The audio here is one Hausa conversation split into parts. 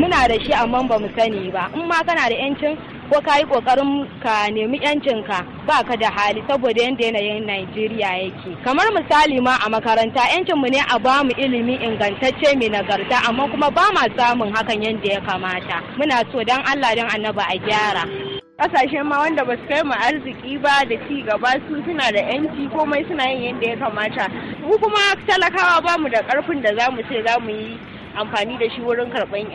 muna da shi amma ba mu sani ba in ma kana da yancin ko ka yi kokarin ka nemi ka ba ka da hali saboda yadda yanayin Najeriya yake kamar misali ma a makaranta yancin mu ne a ba mu ilimi ingantacce mai nagarta amma kuma ba ma samun hakan yadda ya kamata muna so dan Allah dan annaba a gyara kasashen ma wanda ba su kai mu arziki ba da ci gaba su suna da yanci komai suna yin yadda ya kamata mu kuma talakawa ba mu da karfin da za mu ce za mu yi amfani da shi wurin karɓan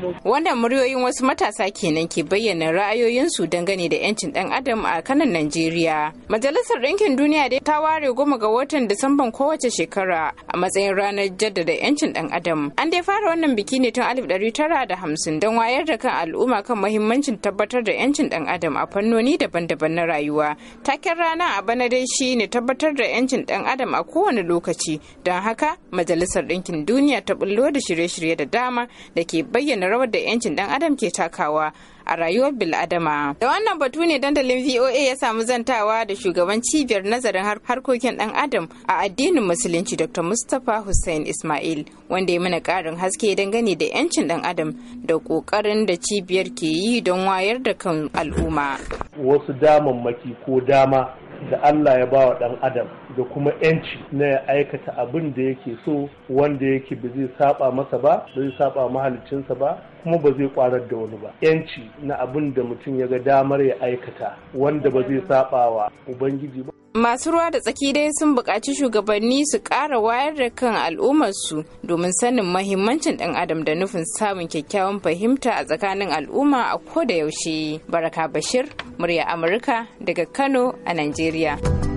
mu. Wannan muryoyin wasu matasa kenan ke bayyana ra'ayoyinsu dangane da 'yancin ɗan adam a kanan Najeriya. Majalisar Ɗinkin Duniya dai ta ware goma ga watan Disamban kowace shekara a matsayin ranar jaddada 'yancin ɗan adam. An dai fara wannan biki ne tun 1950 don wayar da kan al'umma kan mahimmancin tabbatar da 'yancin ɗan adam a fannoni daban-daban na rayuwa. Taken rana a bana dai shi ne tabbatar da 'yancin ɗan adam a kowane lokaci don haka Majalisar Ɗinkin Duniya ta bullo da shirin shirye-shirye da dama da ke bayyana rawar da 'yancin dan adam ke takawa a rayuwar bil'adama. Da wannan batu ne dandalin VOA ya samu zantawa da shugaban cibiyar nazarin harkokin dan adam a addinin musulunci Dr. Mustapha Hussein Ismail wanda ya mana karin haske dangane da 'yancin dan adam da kokarin da cibiyar ke yi don wayar da kan al'umma. Wasu damammaki ko dama da Allah ya ba wa ɗan adam da kuma yanci na ya aikata abin da yake so wanda yake ba zai saba masa ba ba zai saba mahalicinsa ba kuma ba zai kwarar da wani ba yanci na abin da mutum ya ga damar ya aikata wanda ba zai saba wa ubangiji ba masu ruwa da tsaki dai sun buƙaci shugabanni su ƙara wayar da kan al'ummarsu domin sanin mahimmancin ɗan adam da nufin samun kyakkyawan fahimta a tsakanin al'umma a ko da yaushe baraka bashir murya Amurka daga Kano a Najeriya.